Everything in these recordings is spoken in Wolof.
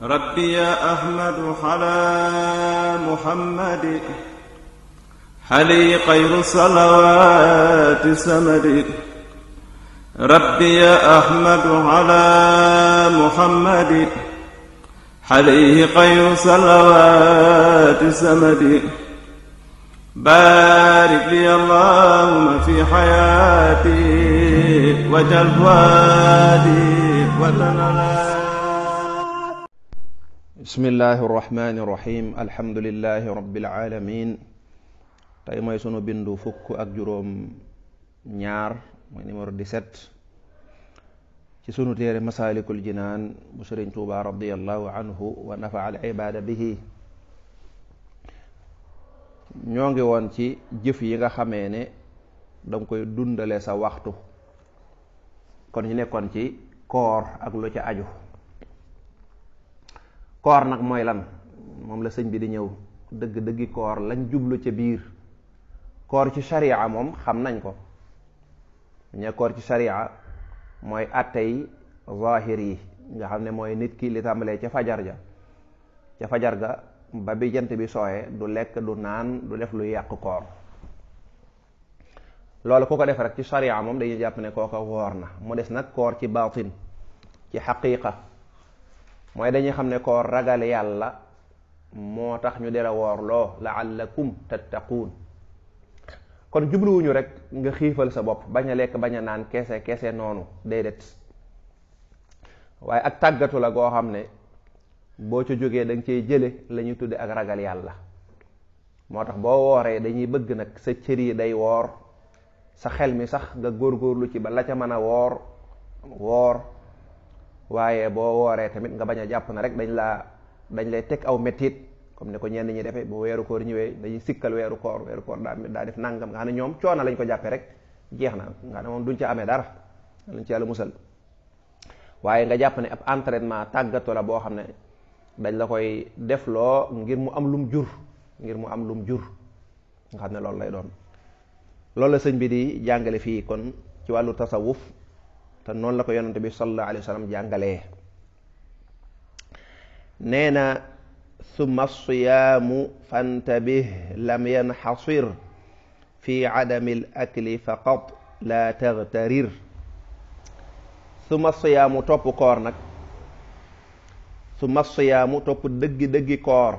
rabbi yaa ahmadu xalaa muhammadi xali xayru salawaati samadi rabbi yaa ahmadu xalaa muhammadi xali xayru salawaati samadi baarik li allahumma fi xayaati wajal waadi watanala bismillahi irrahmani irrahim alhamdulilahi rabbil alamin tey mooy sunu bindu fukk ak juróom ñaar mooy numéro 17 ci sunu téere masaalikul jinaan bu sëriñ tuuba radiallahu anhu wa nafa al ibaada bihi ñoo ngi woon ci jëf yi nga xamee ne danga koy dundale sa waxtu kon ñu nekkoon ci koor ak lu ca aju koor nag mooy lan moom la sëñ bi di ñëw dëgg dëggi koor lañ jublu ca biir koor ci sharia moom xam nañ ko ñe koor ci sharia mooy atte yi zahir yi nga xam ne mooy nit ki li tàmbalee ca fajar ja ca fajar ga ba bi jant bi sooyee du lekk du naan du def lu yàq koor loolu ku ko def rek ci sharia moom dañuy jàpp ne kooka woor na mu des nag koor ci baatin ci xaqiqa mooy dañuy xam ne koor ragal yàlla moo tax ñu dela woor loo laallakum tattaquun kon jubluwuñu rek nga xiifal sa bopp bañ a lekk bañ a naan kese kese noonu det waaye ak tàggatu la goo xam ne boo ca jógee da nga jële la ñuy tudde ak ragal yàlla moo tax boo wooree dañuy bëgg nag sa cër yi day woor sa xel mi sax nga góor góorgóorlu ci ba la ca mën a woor woor waaye boo wooree tamit nga bañ a jàpp na rek dañ laa dañ lay teg aw mettit comme ni ko ñenn ñi defee boo weeru koor ñëwee dañuy sikkal weeru koor weeru koor daa def nangam nga xam ne ñoom coono lañ ko jàppee rek jeex na nga ne moom duñ ca amee dara lañ ci yàlla musal waaye nga jàpp ne ab entraînement tàggatu la boo xam ne dañ la koy def loo ngir mu am lum jur ngir mu am lum jur nga xam ne loolu lay doon loolu la sëñ bi di jàngale fii kon ci wàllu tasawuf te noonu la ko yonante bi sallallahu alayhi wa sallam jàngalee nee na summa siyaamu fantabih lam yanxasir fi adami l akli faqat la taghtarir summa siyaamu topp koor nag summa siyaamu topp dëggi-dëggi koor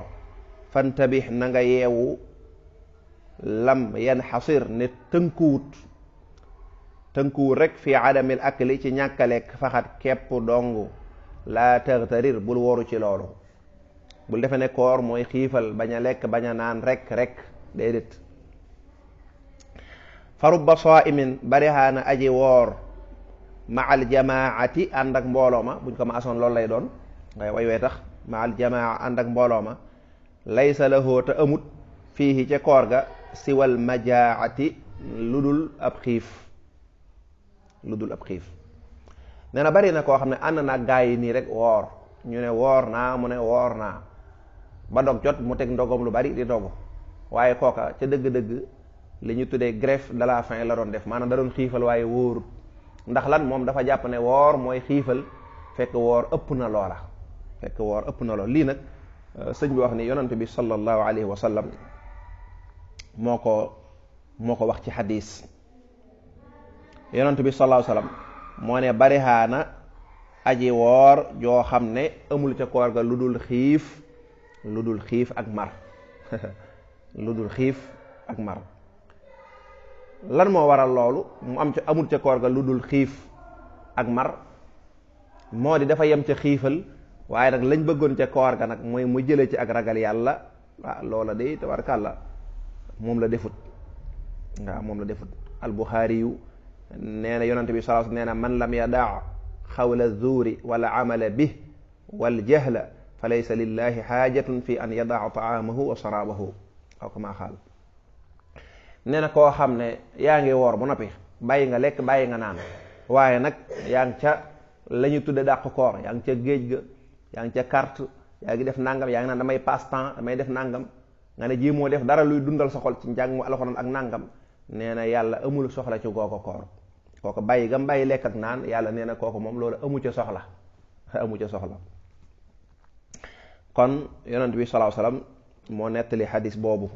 fantabih na nga yeewu lam yanxasir ne tënkuwut tënkuwul rek fii adamil akli ci ñàkk lekk faxat képp dong laa tagtarir bul woru ci loolu bul defe ne koor mooy xiifal bañ a lekk bañ a naan rek rek déedéet fa rubba saimin barixaana aji woor ma al jamaati mbooloo ma buñ ko ma asoon loolu ma al jamaa ànd ak mbooloo ma laysa lahoo te amut fii ci koor ga siwal majaati lu dul ab xiif lu dul ab xiif nee na bari na koo xam ne ànd naa gaa nii rek woor ñu ne woor naa mu ne woor naa ba dog jot mu teg ndogom lu bari di dogu waaye kooka ca dëgg-dëgg li ñu tuddee greffe de la faim la doon def maanaam da doon xiifal waaye wóorut ndax lan moom dafa jàpp ne woor mooy xiifal fekk woor ëpp na loola fekk woor ëpp na loola lii nag euh, sëñ bi wax ni yonent bi sallallahu alayhi wa sallam moo ko moo ko wax ci xadis yonent bi sallallahu alayhi moo ne barixaana aji woor joo xam ne amul ca koor ga lu dul xiif lu dul xiif ak mar lu dul xiif ak mar lan moo waral loolu mu am ca amul ca koor ga lu dul xiif ak mar moo di dafa yem ca xiifal waaye nag lañ bëggoon ca koor ga nag mooy mu jële ci ak ragal yàlla ah loola day tabarkàlla moom la defut waaw moom la defut al yu nee na yonante bi sallallahu alayhi wa sallam nee na man lam yadaa xawla zuuri wala amala bi wal jahla fa laysa lillahi xaajatun fi an yadaa taamahu wa saraabahu aw kamaa qaal nee na koo xam ne yaa ngi woor bu noppi bàyyi nga lekk bàyyi nga naan waaye nag yaa ngi ca la ñu dàq koor yaa ngi ca géej ga yaa ngi ca carte yaa ngi def nangam yaa ngi naan damay passe temps damay def nangam nga ne jii moo def dara luy dundal soxol ci njàng mu alxuraan ak nangam nee na yàlla amul soxla ci googu kooku bàyyi gam bàyyi lekk naan yàlla nee na kooku moom loolu amu ca soxla amu ca soxla kon yonent bi sallallahu alayhi moo nettali xadis boobu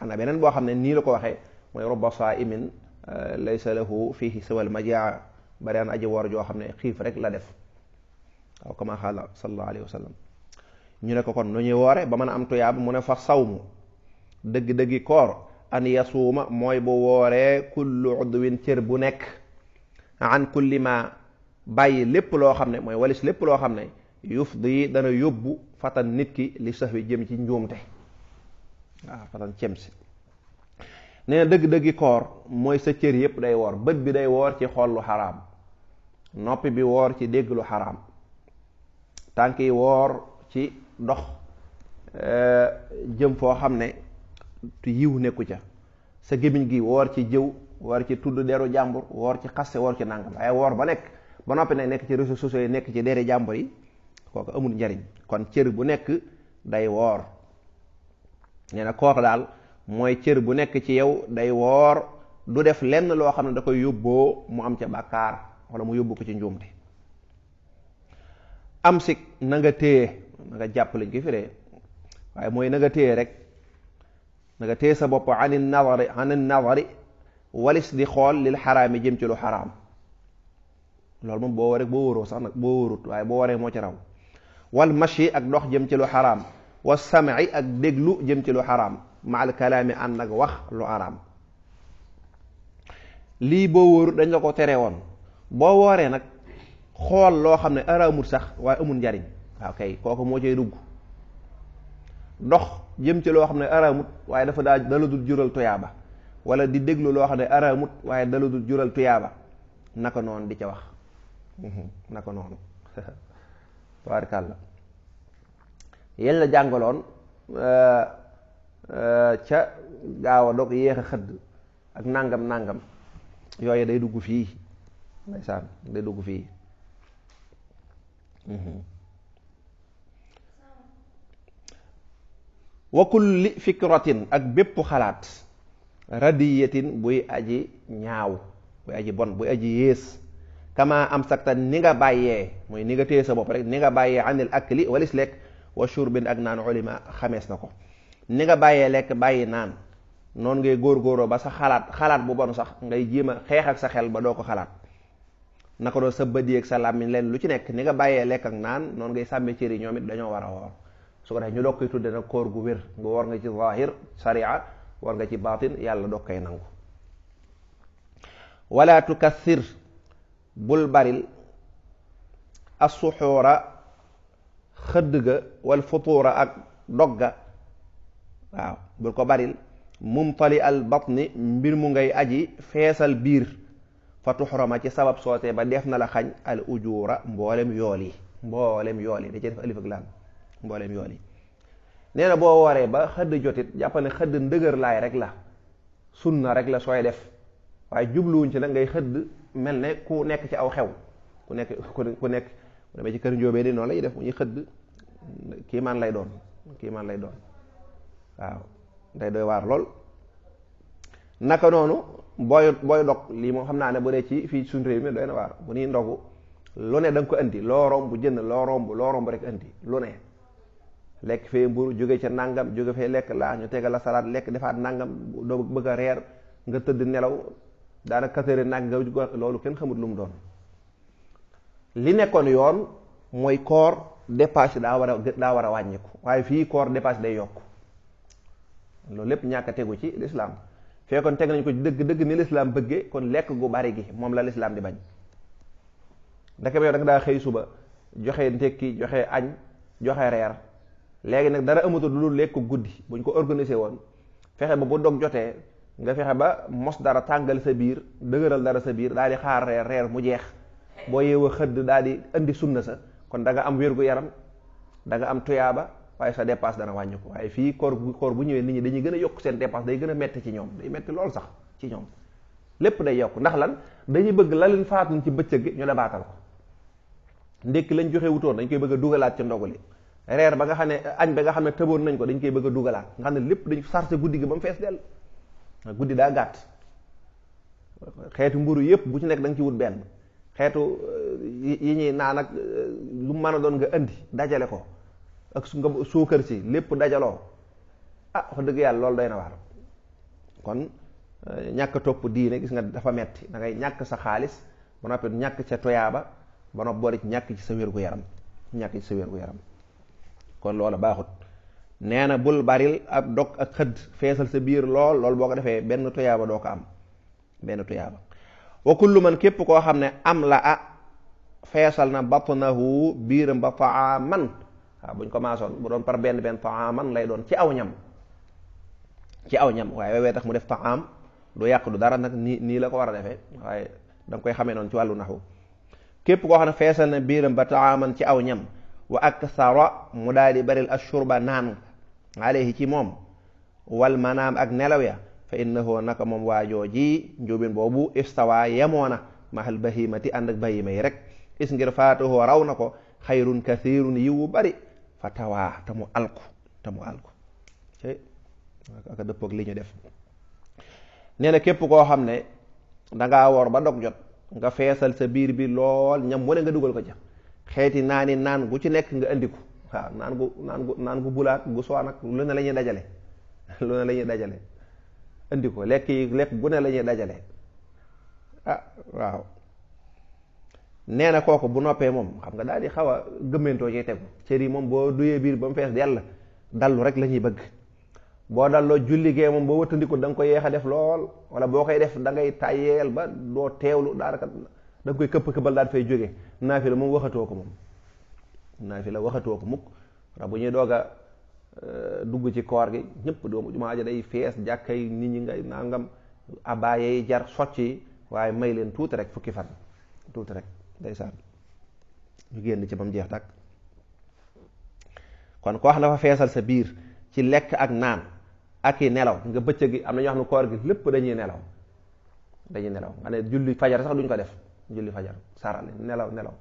am na beneen boo xam ne nii la ko waxee mooy rubba saa'imin euh, laysa lahu fihi siwal majaa bari an aji woor joo xam ne xiif rek la def aw kama xaala sallallahu alayhi wasallam ñu ne ko kon nu ñuy woore ba mën a am tuyaab mu ne fa sawmu dëgg-dëggi koor an yasuuma mooy bu wooree kullu udwin cër bu nekk an kulli bàyyi lépp loo xam ne mooy walis lépp loo xam ne yuuf yufdi dana yóbbu fatan nit ki li sax wi jëm ci njuumte waaw ah, fatan cem si nee na dëgg-dëggi koor mooy sa cër yépp day woor bët bi day woor ci xool xaraam noppi bi woor ci dégg xaraam tànk yi woor ci dox eh, jëm foo xam ne yiw nekku ca sa gémmiñ gi woor ci jëw woor ci tudd deru jàmbur woor ci xaste woor ci nangam waaye woor ba nekk ba noppi nag nekk ci réseaux sociaux yi nekk ci deri jàmbur yi kooku amul njariñ kon cër bu nekk day woor nee na koor daal mooy cër bu nekk ci yow day woor du def lenn loo xam ne da koy yóbboo mu am ca bàkkaar wala mu yóbbu ko ci njuumte am si nanga téye na jàpp lañ ko firee waaye mooy nanga nga téye rek nanga nga téye sa bopp anin nadari anin nadari walis di xool lil xaraami jëm ci lu xaraam loolu moom boo waree boo wóoroo sax nag boo wóorut waaye boo waree moo ci raw wal mashi ak dox jëm ci lu xaraam wa sam'i ak déglu jëm ci lu xaraam maal kalaami wax lu xaraam lii boo dañ la ko tere woon boo wooree nag xool loo xam ne araamut sax waaye amul njariñ waaw kay kooku moo cay dugg dox jëm ci loo xam ne araamut waaye dafa daa dala dul jural toyaaba wala di déglu loo xam ne araamut waaye dalu du jural tuyaaba naka noonu di ca wax mhm. naka noonu tabaarkàlla yéen la jàngaloon euh, euh, ca gaaw dog yéex a xëdd ak nàngam nàngam yooyu day dugg fii ndeysaan day dugg fii mhm. wa kulli fikratin ak bépp xalaat radiyatin buy aji ñaaw buy aji bon buy aji yées kama am sakta ni nga bàyyee mooy ni nga téye sa bopp rek ni nga bàyyee àndil anil akli walis lekk wa shurbin ak naan ulima xamees na ko ni nga bàyyee lekk bàyyi naan noonu ngay góorgóoroo ba sa xalaat xalaat bu bon sax ngay jéem a xeex ak sa xel ba doo ko xalaat naka doon sa bëdi ak sa làmmiñ leen lu ci nekk ni nga bàyyee lekk ak naan noonu ngay sàmmee cër yi ñoom it dañoo war a woor su ko defee ñu doog koy tudde gu wér nga woor nga ci zahir sharia war nga ci baatin yàlla dog koy nangu wala tukassir bul baril asuxuura xëdd ga wal futuura ak dog ga waaw bul ko baril mumtali al batni mbir mu ngay aji feesal biir fa tuxrama ci sabab soosee ba def na la xañ al ujuura mboolem yool yi mboolem yool yi da ci def alif ak laam mboolem yool yi nee boo waree ba xëdd jotit jàppale ne xëdd ndëgër laay rek la sunna rek la sooy def waaye jubluwuñ ci nag ngay xëdd mel ne ku nekk ci aw xew ku nekk ku nekk ku demee ci kër njóobee def ñuy xëdd kiimaan lay doon kiimaan lay doon waaw day doy waar lool naka noonu booy booy dog lii moo xam naa ne bu dee ci fii suñ réew mi doy na waar bu ñuy ndogu lu ne da ko indi loo romb jënd loo romb loo romb rek indi lu ne lekk fee mburu jóge ca nangam jóge fee lekk laa ñu tegal la salaat lekk defaat nangam doo bëgg a reer nga tëdd nelaw daanaka kaseere nag nga loolu kenn xamut lu mu doon li nekkoon yoon mooy koor dépasse daa war a daa war a wàññiku waaye fii koor dépasse day yokk loolu lépp ñàkk tegu ci lislaam fekkoon teg nañ ko dëgg dëgg ni lislaam bëggee kon lekk gu bari gi moom la lislaam di bañ ndeke ba yow da nga daa xëy suba joxe ndékki joxe añ joxe reer léegi nag dara amatul lu lekk guddi buñ ko organisé woon fexe ba bu dog jotee nga fexe ba mos dara tàngal sa biir dëgëral dara sa biir daal di xaar reer reer mu jeex boo yeewoo xëdd daal di indi sunna sa kon da am wér gu yaram danga nga am tuyaaba waaye sa dépasse dana wàññi ko waaye fii koor bu koor bu ñëwee nit ñi dañuy gën a yokk seen dépasse day gën a metti ci ñoom day metti lool sax ci ñoom lépp day yokk ndax lan dañuy bëgg la leen faatuñ ci bëccëg gi ñu dabaatal ko ndékki lañ joxe dañ koy bëgg dugalaat ci ndogu li reer ba nga xam ne añ ba nga xam ne tëboon nañ ko dañ koy bëgg a dugalaat nga xam ne lépp dañ sarse guddi gi ba mu fees dell guddi daa gàtt xeetu mburu yëpp bu ci nekk da nga ci benn xeetu euh, yi ñuy naan ak euh, lu mën a doon nga indi dajale ko ak su nga suukar si lépp dajaloo ah dëgg yàlla loolu day na waar kon euh, ñàkk topp diine gis nga dafa metti da ngay ñàkk sa xaalis ba noppi ñàkk sa toyaaba ba noppi boole ñàkk ci sa wér gu yaram ñàkk ci sa wér gu yaram kon loola baaxut nee na bul baril ak dog ak xëdd feesal sa biir lool lool boo ko defee benn tuyaaba doo ko am benn tuyaaba wa kullu man képp koo xam ne am la a feesal na batnahu biiram ba taaman waaw buñ ko maasoon bu doon par benn benn taaman lay doon ci aw ñam ci aw ñam waaye weewee tax mu def taam du yàqu du dara nag nii nii la ko war a defee waaye da koy xamee noonu ci wàllu naxu képp koo xam ne feesal na biiram ba taaman ci aw ñam wa aksara mu daal di baril ashurba naan alayhi ci moom wal manaam ak nelaw ya fa innahu naka moom waajoo ji njubin boobu istawa yemoona mahal bahimati ànd ak bahima yi rek is ngir faatuhu raw na ko xayrun kathirun yiwu bari fa tawaa te alku te alku aka dëppoog li ñu def nee képp koo xam ne dangaa wor ba dog jot nga feesal sa biir bi lool ñam wane nga dugal ko ca xeeti yi naan gu ci nekk nga indi ko waaw naan gu naan gu naan gu bulaat gu sowaan ak lu ne la dajale lu ne la dajale indi ko lekk yi lekk gu ne la dajale ah waaw nee na kooku bu noppee moom xam nga daal di xaw a gëmmentoo ci tegu cër yi moom boo duyee biir ba mu fees yàlla dallu rek la ñuy bëgg boo dalloo julli gee moom boo wëttandiku danga ko yéex a def lool wala boo koy def da ngay tàyyeel ba doo teewlu daanaka da nga koy këpp këppal daal fay jóge naafi la moom waxatoo ko moom naafi la waxatoo ko mukk bu ñuy doog euh, dugg ci koor gi ñëpp doomu jumaa ja day fees jàkkay nit ñi ngay nangam abaaye yi jar socc yi waaye may leen tuuti rek fukki fan tuuti rek day ndeysaan ñu génn ci bam jeex tàkk kon koo xam dafa feesal sa biir ci lekk ak naan ak i nelaw nga bëccëg gi am na ñoo xam ne koor gi lépp dañuy nelaw dañuy nelaw nga ne julli fajar sax duñ ko def julli fajar sarale nelaw nelaw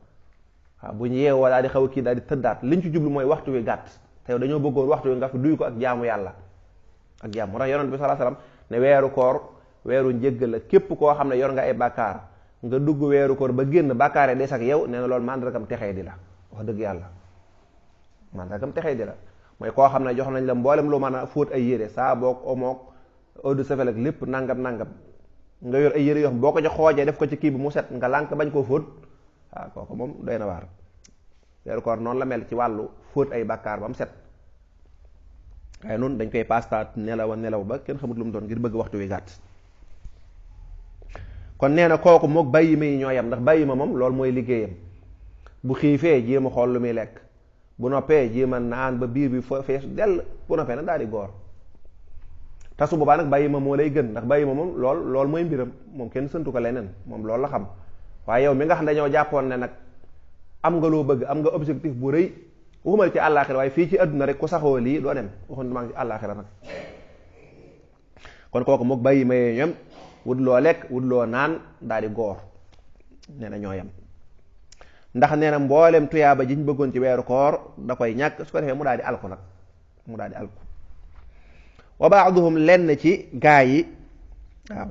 waaw bu ñu yeewoo daal di xaw a kii daal di tëddaat liñ ci jublu mooy waxtu wi gàtt te yow dañoo bëggoon waxtu wi nga fi duy ko ak jaamu yàlla ak jaamu moo tax yonent bi sallallahu alayhi wasallam ne weeru koor weeru njëggal la képp koo xam ne yor nga ay bàkkaar nga dugg weeru koor ba génn bàkkaare des ak yow nee na loolu mandargam texee di la wax dëgg yàlla mandargam texee di la mooy koo xam ne jox nañ la mboolem lu mën a fóot ay yére saa boog omoog eau de lépp nangam nangam nga yor ay yëre yoo xam boo ko ci xoojee def ko ci kii bi mu set nga lànk bañ koo fóot waaw kooku moom doy na waar weeru koor noonu la mel ci wàllu fóot ay bàkkaar ba mu set waaye noonu dañ koy pastaat nelaw a nelaw ba kenn xamut lu mu doon ngir bëgg waxtu wi gàtt kon nee na kooku moog bàyyi ma yi ñoo yam ndax bàyyi ma moom loolu mooy liggéeyam bu xiifee jéem a xool lu muy lekk bu noppee jéem a naan ba biir bi fa dell bu noppee nag daal di góor tasu su boobaa nag bàyyi ma moo lay gën ndax bàyyi ma moom lool lool mooy mbiram moom kenn sëntu ko leneen moom loolu la xam waaye yow mi nga xam ne dañoo jàppoon ne nag am nga loo bëgg am nga objectif bu rëy waxuma ci àllaaxira waaye fii ci àdduna rek ku saxoo lii doo dem waxuma kooku mook bàyyi mayee ñoom wut loo lekk wut loo naan daal di góor nee na ñoo yam ndax nee na mboolem tuyaaba ji bëggoon ci weeru koor da koy ñàkk su ko defee mu daa di alku nag mu daal di alku wa baaduhum lenn ci gaa yi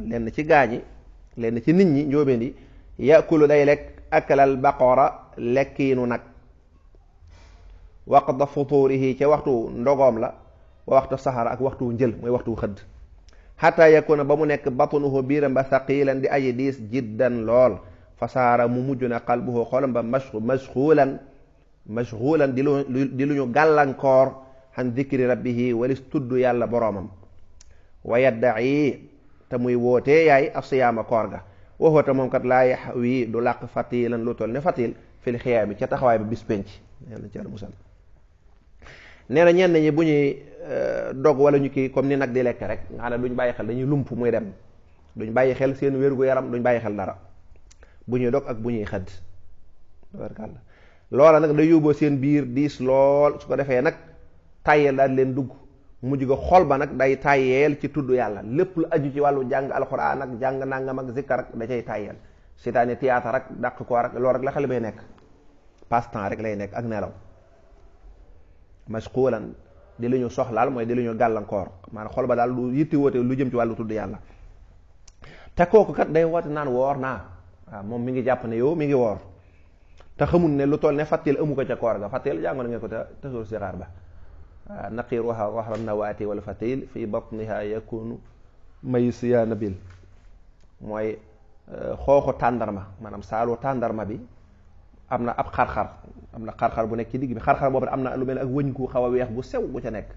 lenn ci gaa yi lenn ci nit ñi njóobeen yi yakulu day lekk akalal baqora lekkiinu nag waqta futuurihi ci waxtu ndogoom la wa waxtu saxara ak waxtu njël mooy waxtu xëdd xataa na ba mu nekk batunuhu biiram ba saqiilan di aji diis jiddan lool fasaara mu mujj na qalbuhu xolam ba mashxuulan mashxuulan di lu di lu ñu gàllankoor xan dikri rabbihi walis tudd yàlla boroomam wa yaddaci te muy wootee yaay af siyaama koor ga waxoo te moom kat laa yax wii du làq fatilan lu toll ne fatil fil xiyaami ca taxawaay bi bis penc nee na ñenn ñi bu ñuy eh, dog wala ñu kii comme ni nag di lekk rek nga xam ne duñ bàyyi xel dañuy lump muy dem duñ bàyyi xel seen wérgu yaram duñ bàyyi xel dara bu ñuy dog ak bu ñuy xëdd loola nag day yóbboo seen biir diis lool su ko defee nag tàyyeel daal leen dugg mujj ga xol ba nag day tàyyeel ci tudd yàlla lépp lu aju ci wàllu jàng alxuraan ak jàng nangam ak zikkar ak da cay tàyyeel seytaane théâtre rek dàq ko ak loolu rek la xale bay nekk passe rek lay nekk ak nelaw mashqulan di lu ñu soxlaal mooy di lu ñu gàllankoor maanaam xol ba daal lu yitti woote lu jëm ci wàllu tudd yàlla te kooku kat day woote naan woor naa waaw moom mi ngi jàpp ne yow mi ngi woor te xamul ne lu toll ne fàtteel ko ca koor ga fàtteel ko te te ba wax na naqiruha wahra nawaati wal fatil fi batniha yakunu maysiya bil mooy xooxu tàndarma maanaam saalu tàndarma bi am na ab xar-xar am na xar-xar bu nekk ci digg bi xar-xar boobu am na lu mel ak wëñ gu xaw a weex bu sew bu ca nekk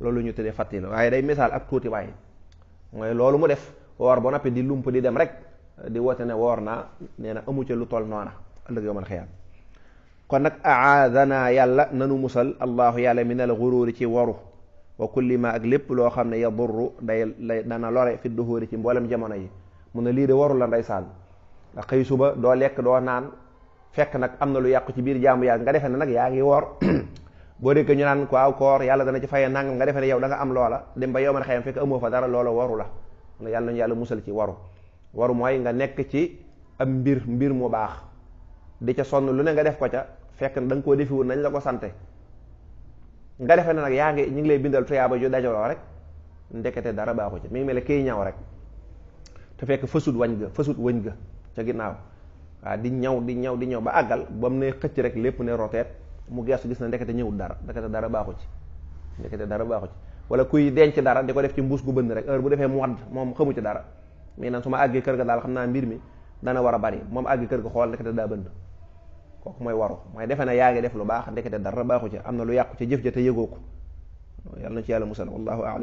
loolu ñu tëddee fatil waaye day misaal ak tuuti waay mooy loolu mu def woor ba noppi di lump di dem rek di woote ne woor naa nee na amu lu toll noona ëllëg yomal xiyaam kon nag aadana yàlla nanu musal allahu yàlla mi ne la guruuri ci waru wa kulli ma ak lépp loo xam ne yadurru day dana lore fi duhuri ci mboolem jamono yi mun na lii de waru la ndeysaan nga xëy suba doo lekk doo naan fekk nag am na lu yàqu ci biir jaamu yàlla nga defe ne nag yaa ngi woor boo dégg ñu naan ko aw koor yàlla dana ci fay nangam nga defee ne yow danga am loola dem ba yow man xëyam fekk amoo fa dara loola waru la yàlla nañu yàlla musal ci waru waru ci am mbir mbir mu baax di ca sonn lu ne nga def ko ca fekk na da nga koo defiwul nañ la ko sante nga defee na nag yaa ngi ñu ngi lay bindal tuyaaba ju dajaloo rek ndekete dara baaxu ci mi mel ne kii ñaw rek te fekk fësut wañ ga fësut wëñ ga ca ginnaaw waaw di ñaw di ñaw di ñaw ba àggal ba mu ne xëcc rek lépp ne roteet mu geesu gis na ndekete ñëwut dara ndekete dara baaxu ci ndekete dara baaxu ci wala kuy denc dara di ko def ci mbuus gu bënn rek heure bu defee mu wadd moom xamu ci dara mais naan su ma àggee kër ga daal xam naa mbir mi dana war a bari moom àggee kër ga xool ndekete daa bënn kooku mooy waru mooy defe na yaa ngi def lu baax ndekete dara baaxu ca am na lu yàqu ca jëf ja te yëgoo ko yàlla na ci yàlla musal wallahu a'lam